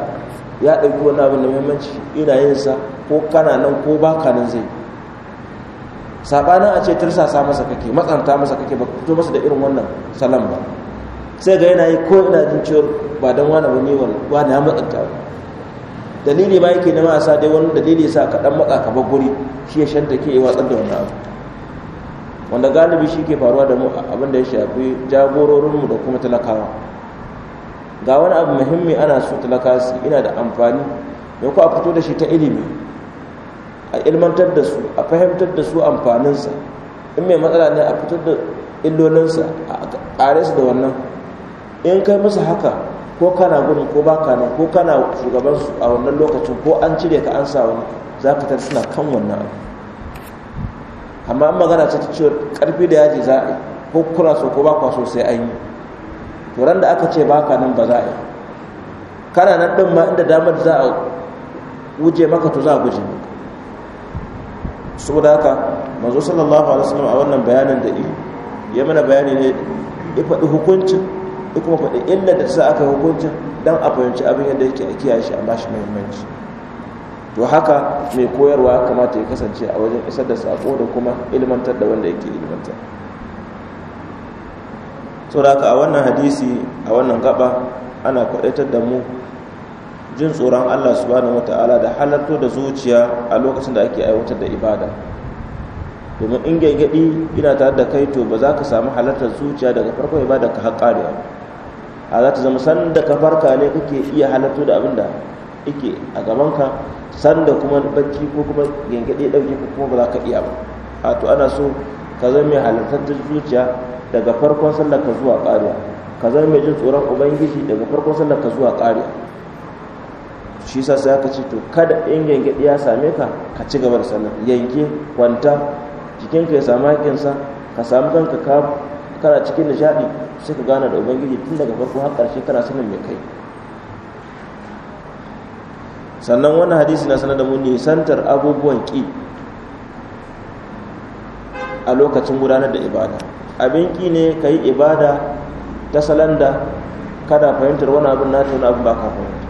Speaker 1: ya ɗauki wani abin da muhimmanci ina yin sa ko kana nan ko ba ka nan zai sabanin a ce tirsasa masa kake matsanta masa kake ba fito masa da irin wannan salam ba sai ga yana yi ko ina jin ciwon ba don wani wani wani ya matsanta ba dalili ba yake nema a sa dai wani dalili sa ka dan matsa ka ba guri shi ya shanta ke watsar da wani abu wanda galibi shi ke faruwa da mu abin da ya shafi jagororinmu da kuma talakawa ga wani abu muhimmi ana so talaka su ina da amfani da ku a fito da shi ta ilimi a ilmantar da su a fahimtar da su amfaninsa in mai matsala ne a fitar da illolinsa a ƙare su da wannan in kai musu haka ko kana gudun ko ba kana ko kana shugabansu a wannan lokacin ko an cire ka an sa wani za ka tar suna kan wannan abu amma an magana ce ta cewa ƙarfi da yaji za a yi ko kuna so ko ba kwa sai an yi turan da aka ce baka nan ba za a yi kana nan ɗin ma inda damar za a wuce maka to za a guje maka saboda haka manzo sallallahu alaihi wasallam a wannan bayanin da yi ya mana bayani ne ya faɗi hukuncin ya kuma faɗi illa da sa aka hukuncin dan a fahimci abin yadda yake a kiyaye shi a bashi muhimmanci to haka mai koyarwa kamata ya kasance a wajen isar da sako da kuma ilmantar da wanda yake ilmantar tsoraka a wannan hadisi a wannan gaba ana kwadatar da mu jin tsoron Allah subhanahu wata'ala da halarto da zuciya a lokacin da ake aiwatar da ibada domin in gaggadi ina tare da kai to ba za ka samu halartar zuciya daga farko ibada ka haƙa da a za ta zama san da ka farka ne kake iya halarto da abin da ike a gabanka san da kuma bacci ko kuma gaggadi ɗauke ko kuma ba za ka iya ba a to ana so ka zama mai halartar zuciya daga farkon sallar zuwa ƙariya ka zama mai jin tsoron ubangiji daga farkon sallar zuwa ƙariya shi sa sai aka ce to kada in gyangyaɗi ya same ka ka ci gaba da sallar yanke kwanta jikinka ya samu haƙinsa ka samu kanka ka kana cikin nishaɗi sai ka gana da ubangiji tun daga farko har ƙarshe kana sanin mai kai sannan wannan hadisi na sanar da mu nisantar abubuwan ƙi a lokacin gudanar da ibada abin ki ne ka yi ibada ta salon da kada fahimtar wani abin na ta abin ba ka fahimta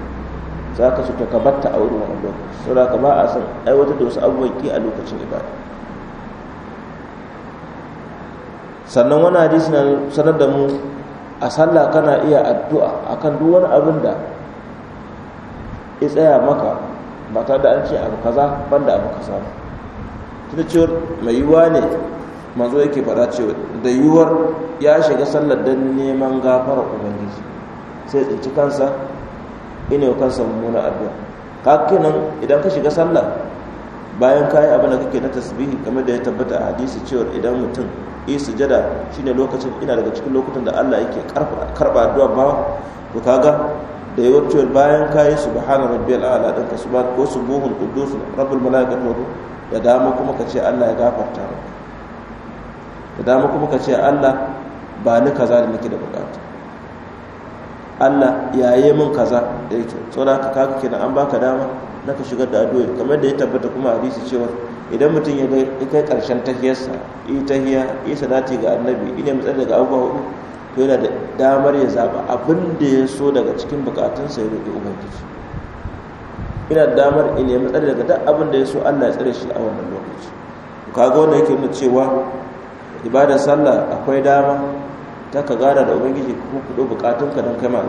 Speaker 1: za ka su ka batta a wurin wani lokaci saboda ka ba a san aiwatar da wasu abubuwan ki a lokacin ibada sannan wani hadisi na sanar da mu a sallah kana iya addu'a akan duk wani abin da ya tsaya maka ba tare da an ce abu kaza banda abu kaza ba ta cewar mai yiwuwa ne manzo yake faɗa cewa da yiwuwar
Speaker 2: ya shiga sallar
Speaker 1: don neman gafara ubangiji sai tsinci kansa ina yau kansa mummuna addu'a kakinan idan ka shiga sallar bayan kayi abin da kake na tasbihi game da ya tabbata a hadisi cewa idan mutum yi sujada shine lokacin ina daga cikin lokutan da Allah yake karba addu'a ba to kaga da yiwuwar cewa bayan kayi subhana rabbiyal a'la din ka ba ko subuhul qudus rabbul malaikatu da dama kuma ka ce Allah ya gafarta maka da dama kuma ka ce Allah ba ni kaza da nake da bukata Allah yaye min kaza da yake tsora ka kaka kenan an baka dama na ka shigar da adoyi kamar da ya tabbata kuma hadisi cewa idan mutum ya kai karshen tahiyarsa yi tahiya yi sanati ga annabi ina mutsar daga abubuwa hudu to yana da damar ya zaba abin da ya so daga cikin bukatunsa ya roƙi ubangiji ina da damar ina nemi tsare daga duk abin da ya so Allah ya tsare shi a wannan lokaci kaga wanda yake nuna cewa ibadar sallah akwai dama ta ka gada da ubangiji ku kudo bukatunka don kai ma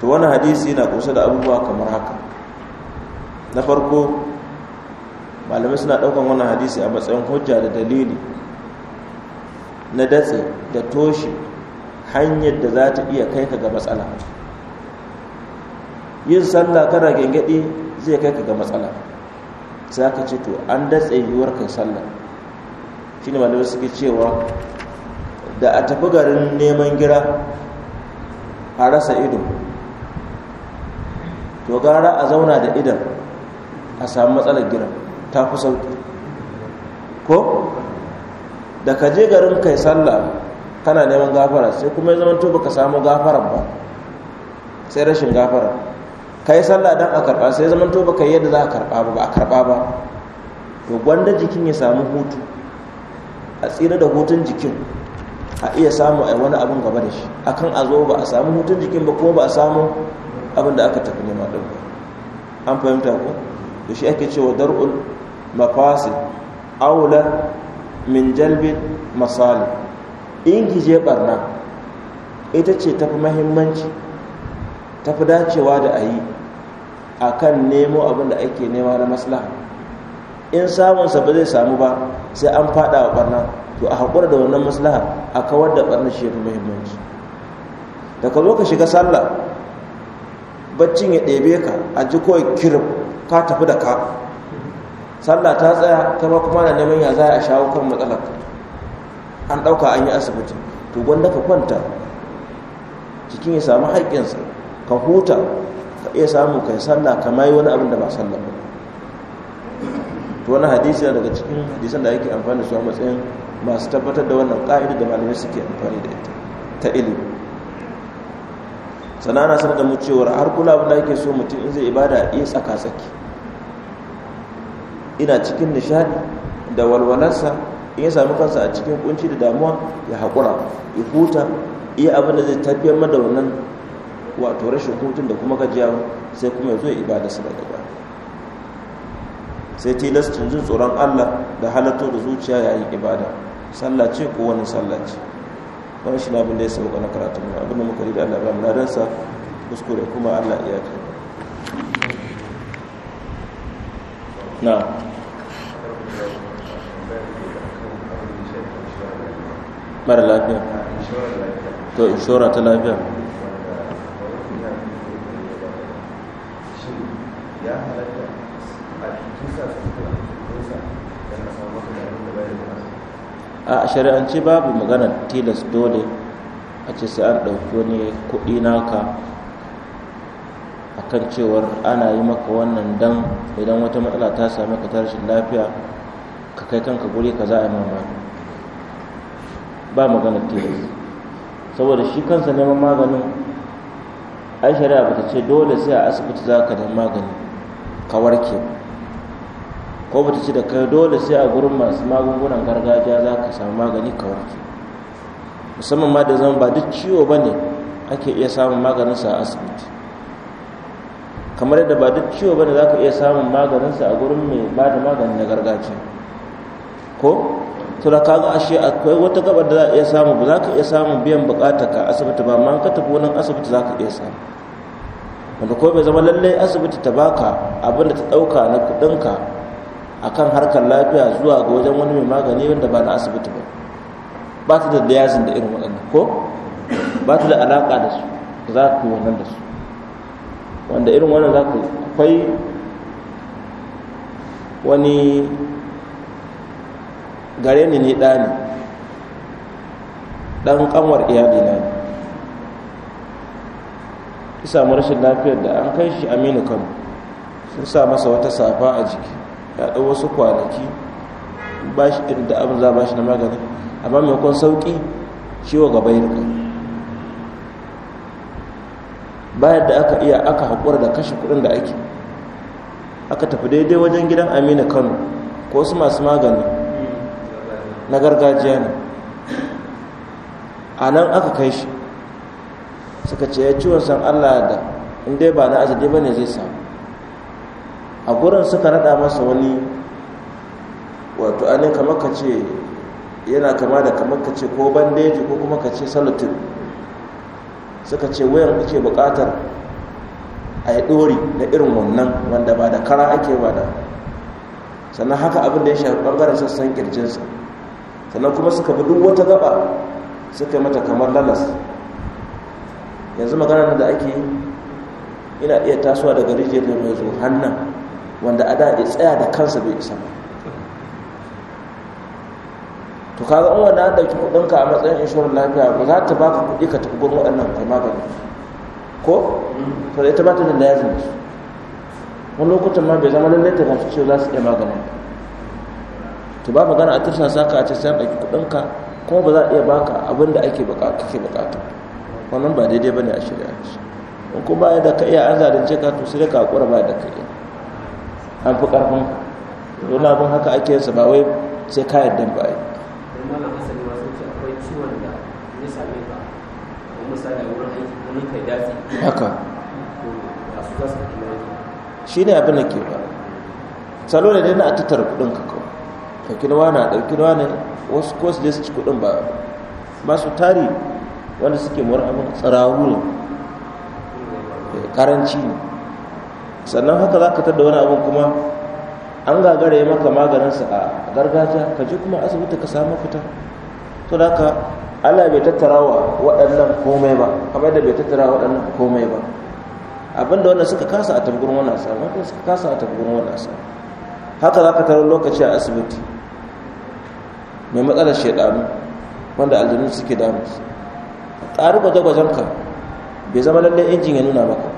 Speaker 1: to wani hadisi na kusa da abubuwa kamar haka na farko malamai suna daukan wani hadisi a matsayin hujja da dalili na datse da toshe hanyar da za ta iya kai ka ga matsala yin sallah kana gengedi zai kai ka ga matsala za ka ce to an datse yiwuwar kai sallah shi ne malamai suke cewa da a tafi garin neman gira a rasa ido to gara a zauna da idan a samu matsalar gira ta fi sauki ko da ka je garin kai sallah kana neman gafara sai kuma ya zama to baka samu gafara ba sai rashin gafara ka yi sallah don a karɓa sai zaman to ka yi yadda za a karɓa ba ba a karɓa ba to gwanda jikin ya samu hutu a tsira da hutun jikin a iya samu a wani abin gaba da shi akan a zo ba a samu hutun jikin ba ko ba a samu abin da aka tafi nema ɗin an fahimta ko da shi ake cewa dar'ul mafasi aula min jalbin masali ingije barna ita ce tafi mahimmanci tafi dacewa da a yi a kan nemo abin da ake nema na maslaha in samunsa ba zai samu ba sai an fada wa barna to a haƙura da wannan maslaha a kawar da barna shi ya fi muhimmanci da ka zo ka shiga sallah baccin ya ɗebe ka a ji kawai kirim ka tafi da ka sallah ta tsaya ta ba kuma na neman ya za a shawo kan matsalar an ɗauka an yi asibiti to gwanda ka kwanta cikin ya samu haƙƙinsa ka huta ka iya samu kai sallah kamar yi wani abin da ba sallah ba to wani hadisi daga cikin hadisan da ake amfani da su a matsayin masu tabbatar da wannan ka'ida da malamai suke amfani da ita ta ilimi sannan ana sanar da mu cewar har kula abin da ake so mutum in zai ibada iya tsaka tsaki ina cikin nishadi da walwalarsa in ya sami kansa a cikin kunci da damuwa ya haƙura ya huta iya abin da zai tafiyar mada wannan wato rashin hutun da kuma gajiya sai kuma zo ibada su da gaba sai tilastin jin tsoron Allah da halatto da zuciya yayin ibada sallah ce ko wani sallah ce wani shi na da ya sauka na karatun mai abin da muka yi da Allah ba mu kuskure kuma Allah iya ta na
Speaker 2: mara lafiya to inshora ta lafiya ya halatta a cikin sa su suka sa da a samu masu da abin da bai da
Speaker 1: a shari'ance babu magana tilas dole a ce sai an ɗauki wani kuɗi naka a kan cewar ana yi maka wannan dan idan wata matsala ta sami ka ta lafiya ka kai kanka guri ka za a yi mamaki ba magana tilas saboda shi kansa neman maganin ai shari'a ba ta ce dole sai a asibiti za ka neman magani Kawar ke, ko ba ta ce da kai dole sai a gurin masu magungunan gargajiya za ka samu magani kawar ke? musamman ma da zama ba duk ciwo ba ne ake iya samun maganinsa a asibiti kamar yadda ba duk ciwo ba ne za ka iya samun maganinsa a gurin mai ba da magani na gargajiya ko to da kaga ashe akwai wata gabar da za a iya samu ba za ka iya samun biyan bukatar ka asibiti ba ma ka tafi wani asibiti za ka iya samu wanda ko bai zama lallai asibiti ta baka abin da ta ɗauka na kuɗinka a kan harkar lafiya zuwa ga wajen wani mai magani wanda ba na asibiti ba ba ta da dayazin da irin waɗannan ko ba ta da alaƙa da su za ku wannan da su wanda irin wannan za ku akwai wani gare ni ne ɗani ɗan ƙanwar iyali na ne Ki samu rashin lafiyar da an kai shi aminu kano sun sa masa wata safa a jiki ya ɗau wasu kwanaki ba shi irin da abin za ba shi na magani amma maimakon sauƙi ciwo gaba yin kai bayan da aka iya aka haƙura da kashe kuɗin da ake aka tafi daidai wajen gidan aminu kano ko wasu masu magani na gargajiya ne a nan aka kai shi suka ce ya ciwon san allah da in dai ba na ajali ba ne zai samu a gurin suka rada masa wani wato anin kamar ka ce yana kama da kamar ka ce ko bandeji ko kuma ka ce salatin. suka ce wayan ake bukatar a yi ɗori na irin wannan wanda ba da kara ake ba da sannan haka abin da ya shafi bangaren sassan kirjinsa sannan kuma suka bi duk wata gaba suka yi mata kamar lalas yanzu magana da ake ina iya tasowa daga rijiyar da mai zo hannun wanda a daɗe tsaya da kansa bai isa to kaga in wanda an dauki kuɗinka a matsayin inshorar lafiya ba za ta baka kuɗi ka tafi gurin waɗannan kai magani ko to ita ba da lazim su wani lokutan ma bai zama lallai ta gamsu cewa za su iya magana, to ba magana a tursa saka a ce sai an ɗauki kudinka kuma ba za a iya baka abin da ake bukata wannan ba daidai ba ne a shirya in kuma ya da ka iya an zalunce ka to sai ka kura ba da ka iya an fi karfin wani abin haka ake yin sa ba wai sai ka yadda ba yi haka shi ne abin da ke ba salo ne dai a tattara kudin ka kawai ɗauki na wane ɗauki na wasu ko su je su ci kudin ba ba su tari wanda suke mura abin tsirawu ne eh, karanci ne sannan haka za ka tada wani abin kuma an gagara ya maka maganinsa a gargajiya ka ji kuma asibiti ka samu fita to da ka ala bai tattara wa waɗannan komai ba kamar da bai tattara wa waɗannan komai ba abinda wanda suka kasa a tabgurin wani asa wanda suka kasa a tabgurin wani asa haka za ka tarar lokaci a asibiti mai matsalar shaidanu wanda aljanu suke damu ƙari gwaje-gwajen ka bai zama lallai injin ya nuna maka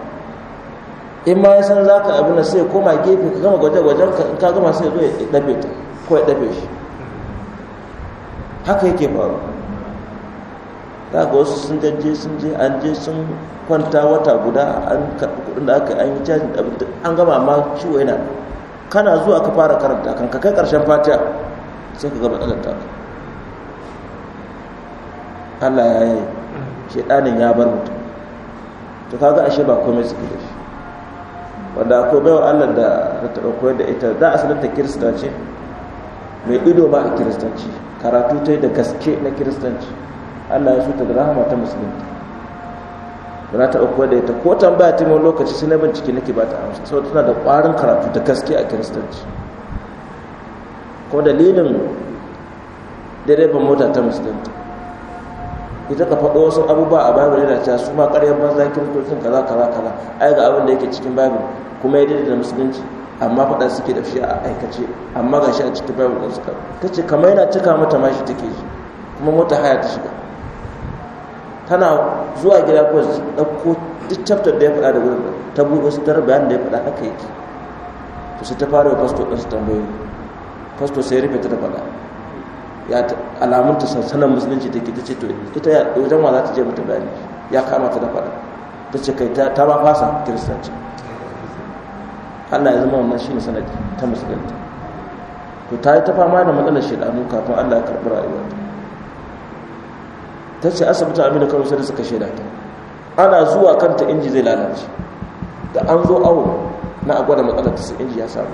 Speaker 1: in ma ya san za ka abin da sai koma gefe ka gama gwaje-gwajen ka in ka gama sai zo ya ɗabe ta ko ya ɗabe shi haka yake faru za ga wasu sun je sun je an je sun kwanta wata guda an karɓi kuɗin da aka yi an yi cajin abin da an gama ma ciwo yana kana zuwa ka fara karanta kan ka kai ƙarshen fatiha sai ka gama ɗaga Allah ya yi shedanin ya bar mutum to kaga ashe ba komai su da shi wanda akwai baiwa Allah da ta taɓa koyar da ita za a sanar kirista ce mai ido ba a kiristanci karatu ta yi da gaske na kiristanci Allah ya suta da rahama ta musulunta ba na taɓa koyar da ita ko tambaya ta mai lokaci sai na bincike nake ba ta amsa sau tana da ƙwarin karatu da gaske a kiristanci ko dalilin direban mota ta musulunta ita ka faɗo wasu abubuwa a bible yana cewa su ma ƙaryar banza kiristocin kaza kaza kaza ai ga abin da yake cikin bible kuma ya da musulunci amma faɗa suke da shi a aikace amma ga shi a cikin bible ɗin suka ta ce kamar yana cika mata mashi take ji kuma mota haya ta shiga tana zuwa gida ko ɗauko duk chapter da ya faɗa da wurin ta buɗe su tarar bayan da ya faɗa haka yake to sai ta fara wa pastor ɗin su tambayoyi pastor sai rufe ta da faɗa ya alamun sansanin musulunci musulunci ke ta ce to ita wajen wa za ta je mata bayani ya kama ta da faɗa ta ce kai ta ba fasa kiristanci Allah ya zama wannan shi ne sanadi ta musulunci. to ta yi ta fama da matsalar shaidanu kafin Allah ya karɓi rayuwarta ta ce asibitin amina karo sai da suka shaida ta ana zuwa kanta inji zai lalace da an zo awo na agwada matsalar ta sai inji ya samu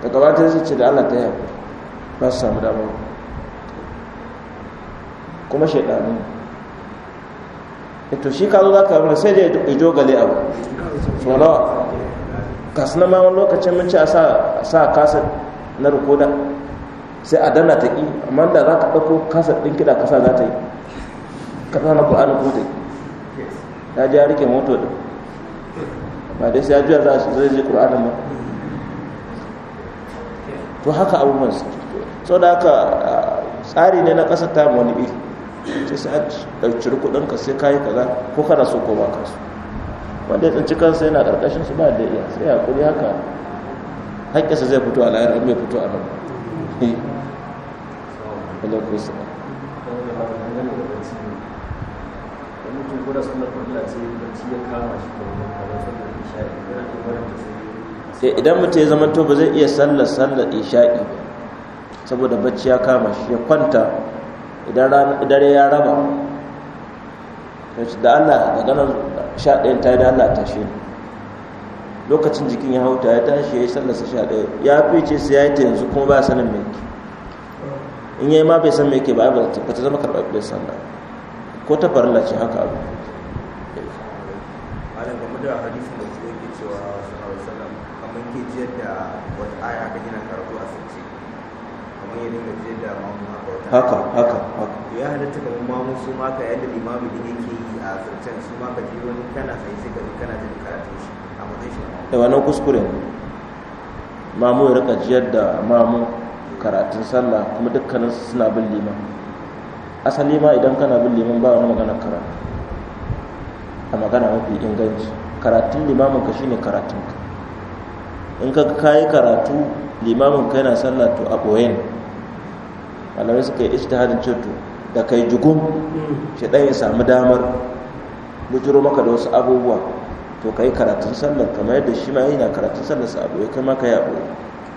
Speaker 1: daga gabata ta ce da Allah ta yi ba su samu damar kuma shaidanu ito eh, shi ka zo za ka runa sai da ya jogale abu tsorawa kasu na ma wani lokacin mun ci a sa kasa na rikoda sai a dana ta ƙi amma da za ka ɗauko kasa ɗin kiɗa kasa za ta yi ka na ƙwa'ani ko ta yi ya ji ya rike moto ɗin ba dai sai ya juya za a zai zai ƙur'anin ba to haka abubuwan suke sau da aka ah, tsari ne na ƙasa ta wani iri sai sai a ciri kudin ka sai kayi kaza ko kana so ko ba kasu wanda ya tsanci kansa yana ƙarƙashin su ba da iya sai ya kuri haka haƙƙinsa zai fito a layar an bai fito a nan eh, idan mutum ya zama to ba zai iya sallar sallar isha'i ba saboda bacci ya kama shi ya kwanta idan dare ya raba da Allah da ganin sha ɗayan ta yi da Allah tashe shi lokacin jikin ya hauta ya tashi ya yi sallarsa sha ɗaya ya ce sai ya yi ta yanzu kuma ba sanin me ke in yi ma bai san me ke ba ba ta zama bai sallah ko ta faru ce haka abu da cewa ke jiyar da wata aya ka yana karatu a sirce haka haka haka ya halatta kamar mamu su ma ka yadda limamu din ke yi a zancen su ma ka ji wani kana sai sai ka kana jin karatun shi a matsayin shi da wannan kuskure mamu ya rika jiyar da mamu karatun sallah kuma dukkanin suna bin liman asali ma idan kana bin liman ba wani magana karatu a magana mafi inganci karatun limamin ka shine karatun ka in ka kayi karatu limamin kai na sallah to a ɓoye ne suka yi hadin ceto, da kai jugun shi ɗaya samu damar bujiro maka da wasu abubuwa to kai karatun sallar kamar yadda shi ma na karatun sallar sa abu kai maka ya abu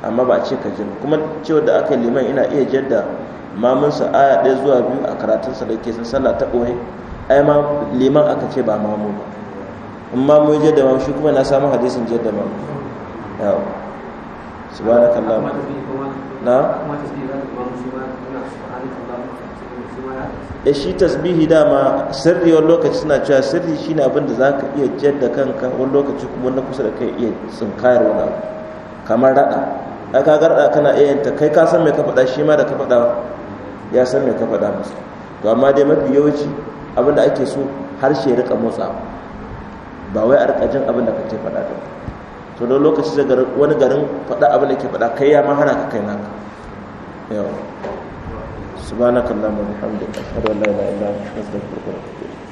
Speaker 1: amma ba a ce ka jin kuma cewa da aka liman ina iya jadda mamun sa aya ɗaya zuwa biyu a karatun sa da ke san sallah ta ɓoye ai ma liman aka ce ba mamu ba in mamu ya jadda mamu shi kuma na samu hadisin jadda mamu yawo subhanakallah na ya eh, shi tasbihi dama sirri wani lokaci suna cewa sirri shine abin da za ka iya da kanka wani lokaci kuma na kusa da kai iya tsinkayar wani abu kamar raɗa a ka garɗa kana iya yanta kai ka san mai ka faɗa shi ma da ka faɗa ya san mai ka faɗa masa to amma dai mafi yawanci abin da ake so harshe rika motsa ba wai a rika jin abin da kake faɗa da to don lokaci zai wani garin faɗa abu da ke faɗa kai ya mahana ka kai naka yau subhanakallahumma wa bihamdika ashhadu an la ilaha illa anta astaghfiruka wa atubu